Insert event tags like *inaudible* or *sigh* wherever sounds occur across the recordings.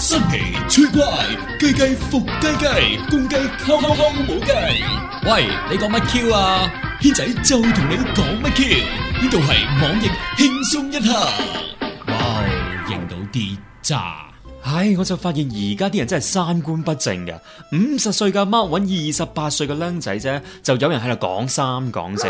新奇趣怪，雞雞伏雞雞，公雞敲敲敲冇雞。喂，你講乜 Q 啊？軒仔就同你講乜 Q？呢度係網易輕鬆一刻，哇，認到啲渣。唉，我就發現而家啲人真係三觀不正嘅，五十歲嘅阿媽揾二十八歲嘅僆仔啫，就有人喺度講三講四。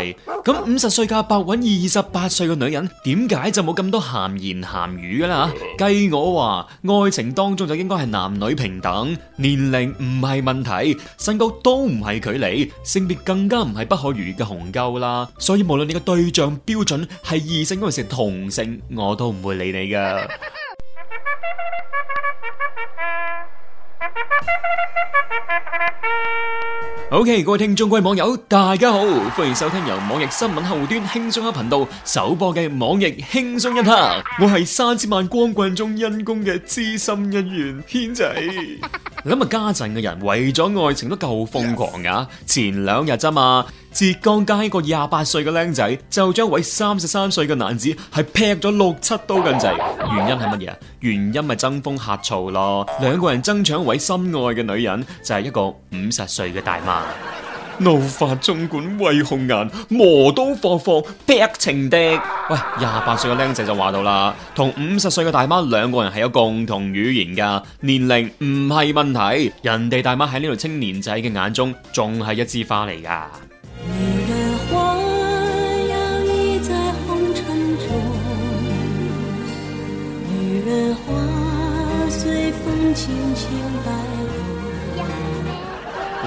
咁五十歲嘅阿伯揾二十八歲嘅女人，點解就冇咁多鹹言鹹語噶啦？嗯、計我話，愛情當中就應該係男女平等，年齡唔係問題，身高都唔係距離，性別更加唔係不可逾越嘅鴻溝啦。所以無論你嘅對象標準係異性定係同性，我都唔會理你噶。 *laughs* 好嘅，okay, 各位聽眾、各位網友，大家好，歡迎收聽由網易新聞客戶端輕鬆一頻道首播嘅網易輕鬆一刻。我係三千萬光棍中因公嘅資深一員，軒仔。諗啊， *laughs* 家陣嘅人為咗愛情都夠瘋狂噶、啊，Yes. 前兩日咋嘛。浙江街一個廿八歲嘅僆仔就將位三十三歲嘅男子係劈咗六七刀咁滯，原因係乜嘢啊？原因咪爭風呷醋咯。兩個人爭搶一位心愛嘅女人，就係、是、一個五十歲嘅大媽怒髮衝冠，為紅顏磨刀霍霍劈情敵。喂，廿八歲嘅僆仔就話到啦，同五十歲嘅大媽兩個人係有共同語言噶，年齡唔係問題。人哋大媽喺呢度青年仔嘅眼中仲係一枝花嚟噶。女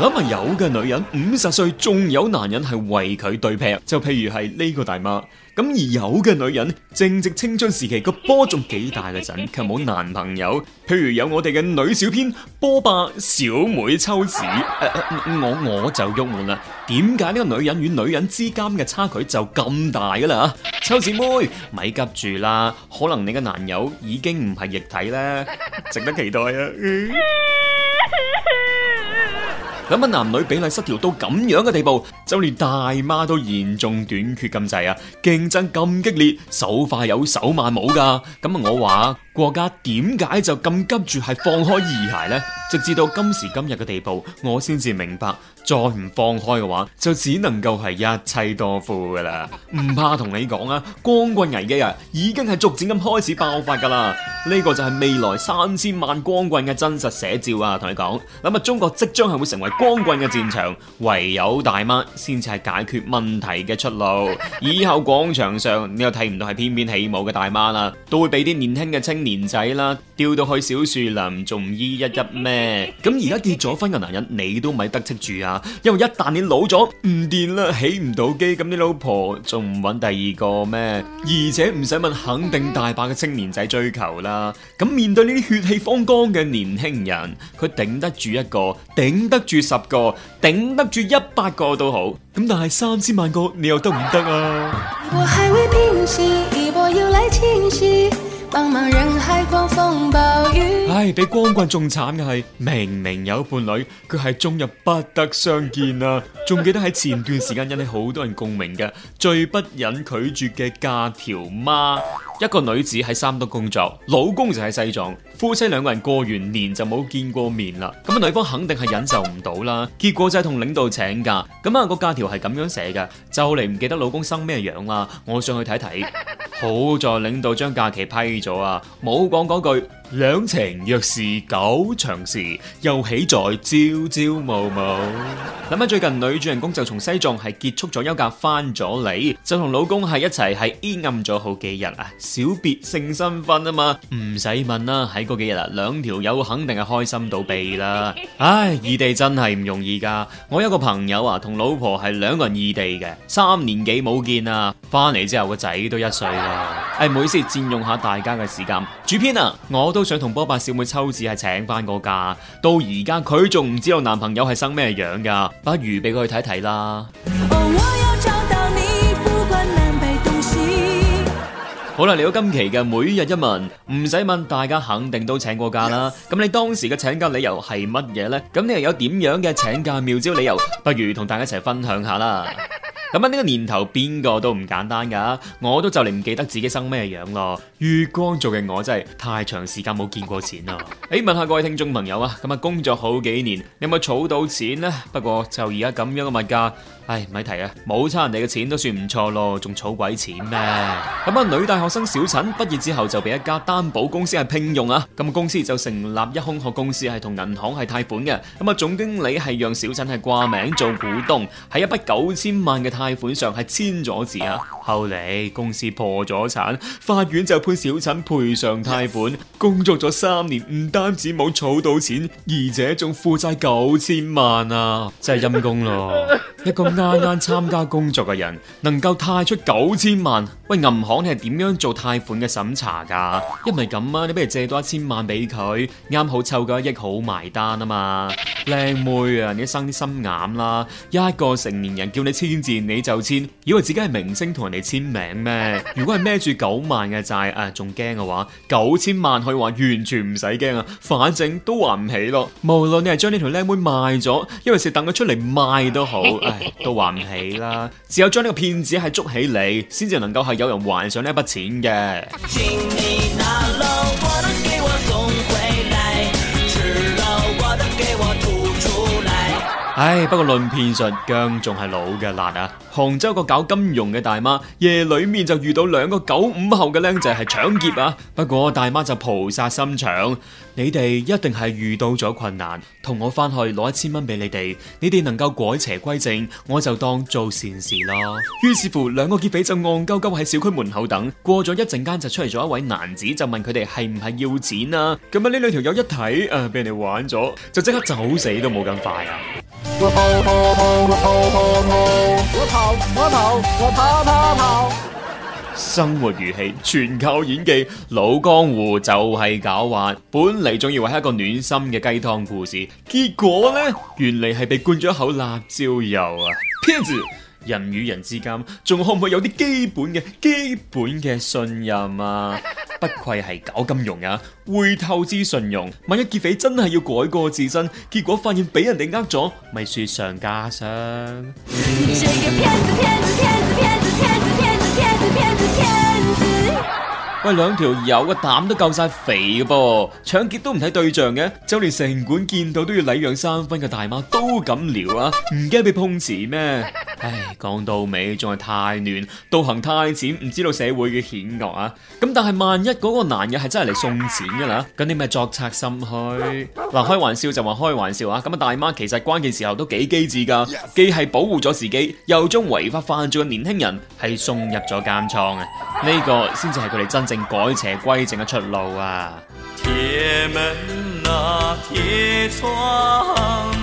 諗下有嘅女人五十歲，仲有男人係為佢對劈，就譬如係呢個大媽。咁而有嘅女人正值青春時期，個波仲幾大嘅陣，卻冇男朋友。譬如有我哋嘅女小編波霸小妹秋、秋、呃、子，我我就鬱悶啦。點解呢個女人與女人之間嘅差距就咁大㗎啦？秋子妹，咪急住啦，可能你嘅男友已經唔係液體咧，值得期待啊！嗯諗下男女比例失調到咁樣嘅地步，就連大媽都嚴重短缺咁滯啊！競爭咁激烈，手快有手慢冇㗎，咁我話。國家點解就咁急住係放開二孩呢？直至到今時今日嘅地步，我先至明白，再唔放開嘅話，就只能夠係一妻多夫噶啦。唔怕同你講啊，光棍危機啊，已經係逐漸咁開始爆發噶啦。呢個就係未來三千萬光棍嘅真實寫照啊！同你講，咁啊，中國即將係會成為光棍嘅戰場，唯有大媽先至係解決問題嘅出路。以後廣場上你又睇唔到係翩翩起舞嘅大媽啦，都會俾啲年輕嘅青。年仔啦，掉到去小樹林，仲唔依一依咩？咁而家結咗婚嘅男人，你都咪得戚住啊！因為一旦你老咗，唔掂啦，起唔到機，咁你老婆仲唔揾第二個咩？而且唔使問，肯定大把嘅青年仔追求啦。咁面對呢啲血氣方剛嘅年輕人，佢頂得住一個，頂得住十個，頂得住一百個都好。咁但係三千萬個，你又得唔得啊？我還未平唉，比光棍仲慘嘅係明明有伴侶，佢係終日不得相見啊！仲記得喺前段時間引起好多人共鳴嘅最不忍拒絕嘅假條嗎？一個女子喺山東工作，老公就喺西藏，夫妻兩個人過完年就冇見過面啦。咁啊，女方肯定係忍受唔到啦，結果就係同領導請假。咁啊，個假條係咁樣寫嘅：就嚟唔記得老公生咩樣啦，我想去睇睇。好在領導將假期批咗啊！冇講嗰句。兩情若是久長時，又豈在朝朝暮暮。諗下 *laughs* 最近女主人公就從西藏係結束咗休假翻咗嚟，就同老公係一齊係陰暗咗好幾日啊，小別勝新婚啊嘛，唔使問啦，喺嗰幾日啦，兩條友肯定係開心到痹啦。唉，異地真係唔容易噶。我有個朋友啊，同老婆係兩個人異地嘅，三年幾冇見啊，翻嚟之後個仔都一歲啦。誒，唔好意思佔用下大家嘅時間，主編啊，我都。想同波霸小妹抽脂係請翻個假，到而家佢仲唔知道男朋友係生咩樣噶，不如俾佢去睇睇啦。好啦，嚟到今期嘅每日一問，唔使問，大家肯定都請過假啦。咁 Yes. 你當時嘅請假理由係乜嘢呢？咁你又有點樣嘅請假妙招理由？不如同大家一齊分享下啦。咁喺呢個年頭，邊個都唔簡單噶我都就嚟唔記得自己生咩樣咯。月光族嘅我真係太長時間冇見過錢啦。誒，問下各位聽眾朋友啊，咁啊工作好幾年，有冇儲到錢呢？不過就而家咁樣嘅物價。唉，咪提啊！冇差人哋嘅錢都算唔錯咯，仲儲鬼錢咩？咁啊、嗯，女大學生小陳畢業之後就俾一家擔保公司係聘用啊。咁、嗯、啊，公司就成立一空殼公司係同銀行係貸款嘅。咁、嗯、啊，總經理係讓小陳係掛名做股東，喺一筆九千萬嘅貸款上係簽咗字啊。後嚟公司破咗產，法院就判小陳賠償貸款。工作咗三年，唔單止冇儲到錢，而且仲負債九千萬啊！真係陰功咯～ *laughs* 一個啱啱參加工作嘅人，能夠貸出九千萬？喂，銀行你係點樣做貸款嘅審查噶？要唔係咁啊，你不如借多一千萬俾佢，啱好湊夠一億好埋單啊嘛！靚妹啊，你一生啲心眼啦！一個成年人叫你簽字你就簽，以為自己係明星同人哋簽名咩？如果係孭住九萬嘅債啊，仲驚嘅話，九千萬可以話完全唔使驚啊，反正都還唔起咯。無論你係將呢條靚妹賣咗，因還是等佢出嚟賣都好。啊都還唔起啦，只有將呢個騙子係捉起嚟，先至能夠係有人還上呢一筆錢嘅。 *music* 唉，不過論騙術，薑仲係老嘅辣啊！杭州個搞金融嘅大媽，夜裏面就遇到兩個九五後嘅僆仔係搶劫啊！不過大媽就菩薩心腸，你哋一定係遇到咗困難，同我翻去攞一千蚊俾你哋，你哋能夠改邪歸正，我就當做善事咯。於是乎，兩個劫匪就戇鳩鳩喺小區門口等，過咗一陣間就出嚟咗一位男子，就問佢哋係唔係要錢啊？咁啊呢兩條友一睇，誒，俾人哋玩咗，就即刻走，死都冇咁快啊！生活如戲，全靠演技。老江湖就係狡猾，本嚟仲以為係一個暖心嘅雞湯故事，結果呢，原來係被灌咗口辣椒油啊！騙子。人與人之間仲可唔可以有啲基本嘅基本嘅信任啊？不愧係搞金融啊，會透支信用。萬一劫匪真係要改過自身，結果發現俾人哋呃咗，咪雪上加霜。喂，兩條友個膽都夠晒肥嘅噃，搶劫都唔睇對象嘅，就連城管見到都要禮讓三分嘅大媽都敢撩啊？唔驚俾碰瓷咩？唉，講到尾仲係太亂，道行太淺，唔知道社會嘅險惡啊！咁但係萬一嗰個男人係真係嚟送錢噶啦，咁你咪作賊心虛。嗱、 *laughs* 啊，開玩笑就話開玩笑啊！咁啊，大媽其實關鍵時候都幾機智噶，Yes. 既係保護咗自己，又將違法犯罪嘅年輕人係送入咗監倉啊！呢、這個先至係佢哋真正改邪歸正嘅出路啊！鐵門啊，鐵窗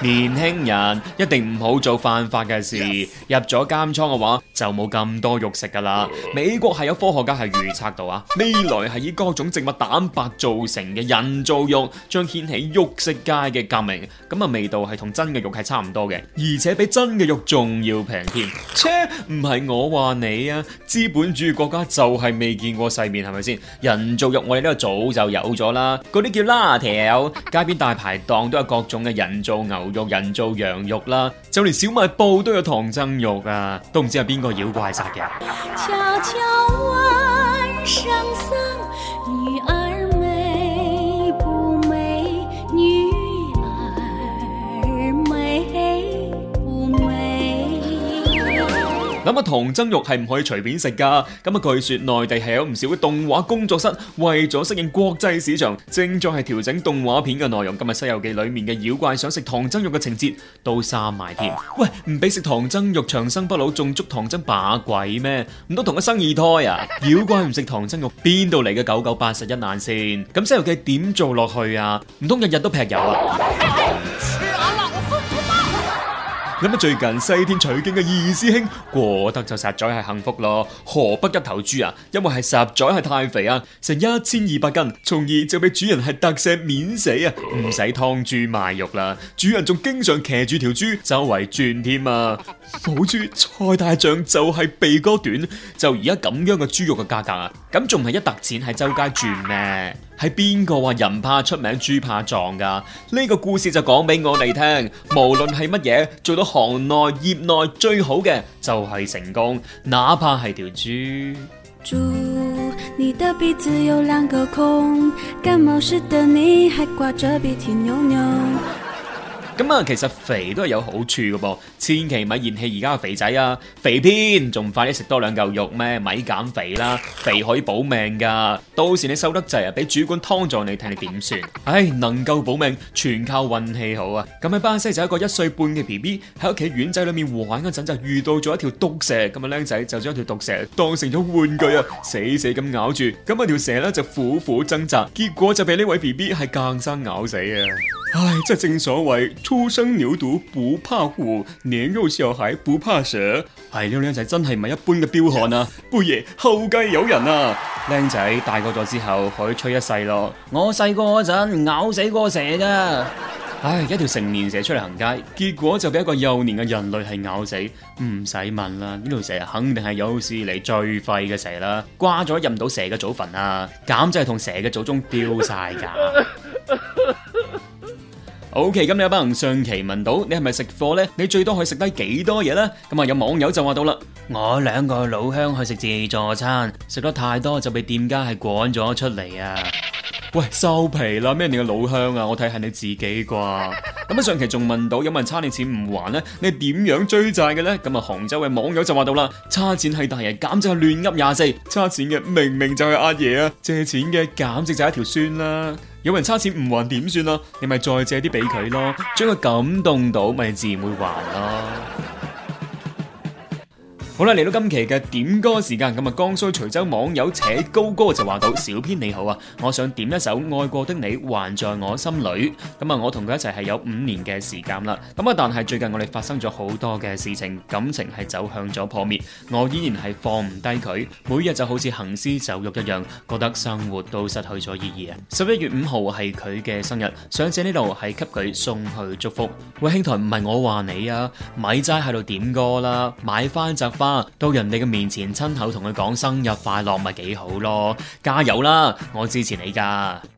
年輕人一定唔好做犯法嘅事，Yes. 入咗監倉嘅話就冇咁多肉食噶啦。美國係有科學家係預測到啊，未來係以各種植物蛋白做成嘅人造肉，將掀起肉食界嘅革命。咁啊，味道係同真嘅肉係差唔多嘅，而且比真嘅肉仲要平添。切，唔係我話你啊，資本主義國家就係未見過世面係咪先？人造肉我哋呢度早就有咗啦，嗰啲叫拉條，街邊大排檔都有各種嘅人造牛。肉人造羊肉啦，就連小賣部都有唐僧肉啊，都唔知係邊個妖怪殺嘅。 *music* 咁啊，唐僧肉係唔可以隨便食噶。咁啊，據說內地係有唔少嘅動畫工作室為咗適應國際市場，正在係調整動畫片嘅內容。今日《西遊記》裏面嘅妖怪想食唐僧肉嘅情節都刪埋添。喂，唔俾食唐僧肉長生不老，仲捉唐僧把鬼咩？唔通同佢生二胎啊？妖怪唔食唐僧肉，邊度嚟嘅九九八十一難先？咁《西遊記》點做落去啊？唔通日日都劈油啊？ *laughs* 諗下最近西天取經嘅二師兄過得就實在係幸福咯，何不一頭豬啊？因為係實在係太肥啊，成一千二百斤，從而就俾主人係特赦免死啊，唔使劏豬賣肉啦。主人仲經常騎住條豬周圍轉添啊！好豬，蔡大象就係鼻哥短，就而家咁樣嘅豬肉嘅價格啊，咁仲唔係一沓錢喺周街轉咩？係邊個話人怕出名豬怕壯噶？呢個故事就講俾我哋聽，無論係乜嘢做到。行內業內最好嘅就係成功，哪怕係條豬豬。咁啊，其實肥都係有好處嘅噃，千祈咪嫌棄而家嘅肥仔啊，肥偏仲快啲食多兩嚿肉咩？咪減肥啦，肥可以保命噶，到時你瘦得滯啊，俾主管湯咗你，睇你點算？唉，能夠保命全靠運氣好啊！咁喺巴西就一個一歲半嘅 B B 喺屋企院仔裏面玩嗰陣就遇到咗一條毒蛇，咁啊，僆仔就將一條毒蛇當成咗玩具啊，死死咁咬住，咁啊條蛇咧就苦苦掙扎，結果就俾呢位 B B 係硬生咬死啊！唉，真係正所謂初生牛犢不怕虎，年幼小孩不怕蛇。係呢靚仔真係唔係一般嘅彪悍啊！貝爺後繼有人啊！靚仔大個咗之後可以吹一世咯。我細個嗰陣咬死過蛇噶。唉，一條成年蛇出嚟行街，結果就俾一個幼年嘅人類係咬死。唔使問啦，呢條蛇肯定係有史嚟最廢嘅蛇啦。瓜咗入唔到蛇嘅祖墳啊，簡直係同蛇嘅祖宗丟晒架。 *laughs* 好嘅，咁、okay, 你有班人上期問到你係咪食貨呢？你最多可以食低幾多嘢呢？咁啊，有網友就話到啦，我兩個老鄉去食自助餐，食得太多就被店家係趕咗出嚟啊！喂，收皮啦，咩你嘅老鄉啊？我睇係你自己啩。咁啊，上期仲問到有冇人差你錢唔還呢？你點樣追債嘅呢？咁啊，杭州嘅網友就話到啦，差錢係大人簡直係亂噏廿四，24, 差錢嘅明明就係阿爺啊，借錢嘅簡直就係一條孫啦。有人差錢唔還點算啊？你咪再借啲俾佢咯，將佢感動到，咪自然會還咯、啊。 *laughs* 好啦，嚟到今期嘅點歌時間，咁、嗯、啊，江蘇徐州網友扯高歌就話到： *music* 小編你好啊，我想點一首《愛過的你還在我心裏》。咁啊，我同佢一齊係有五年嘅時間啦。咁、嗯、啊，但係最近我哋發生咗好多嘅事情，感情係走向咗破滅。我依然係放唔低佢，每日就好似行屍走肉一樣，覺得生活都失去咗意義啊！十一月五號係佢嘅生日，想借呢度係給佢送去祝福。喂，兄台，唔係我話你啊，咪齋喺度點歌啦，買翻紮花。到人哋嘅面前親口同佢講生日快樂，咪幾好咯！加油啦，我支持你噶～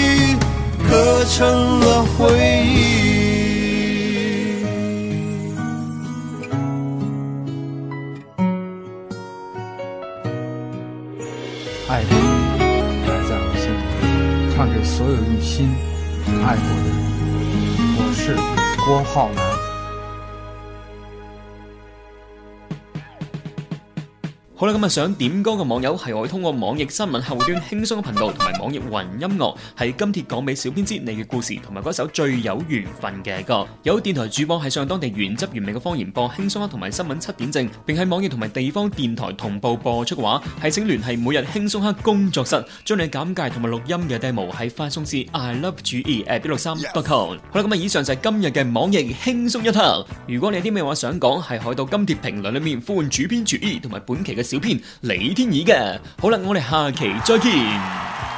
愛過的人，我是郭浩南、啊。好啦，咁、嗯、啊想點歌嘅網友係可以通過網易新聞客戶端輕鬆嘅頻道同埋網易雲音樂，係今貼講俾小編知你嘅故事同埋嗰首最有緣分嘅歌。有電台主播係上當地原汁原味嘅方言播輕鬆黑同埋新聞七點正，並喺網易同埋地方電台同步播出嘅話，係請聯繫每日輕鬆黑工作室，將你嘅簡介同埋錄音嘅 demo 喺發送至 i love 主義 at b 六三 dot com。Yes. 好啦，咁、嗯、啊以上就係今日嘅網易輕鬆一刻。如果你有啲咩話想講，係可到今貼評論裏面呼喚主編主義同埋本期嘅。小編李天意嘅，好啦，我哋下期再見。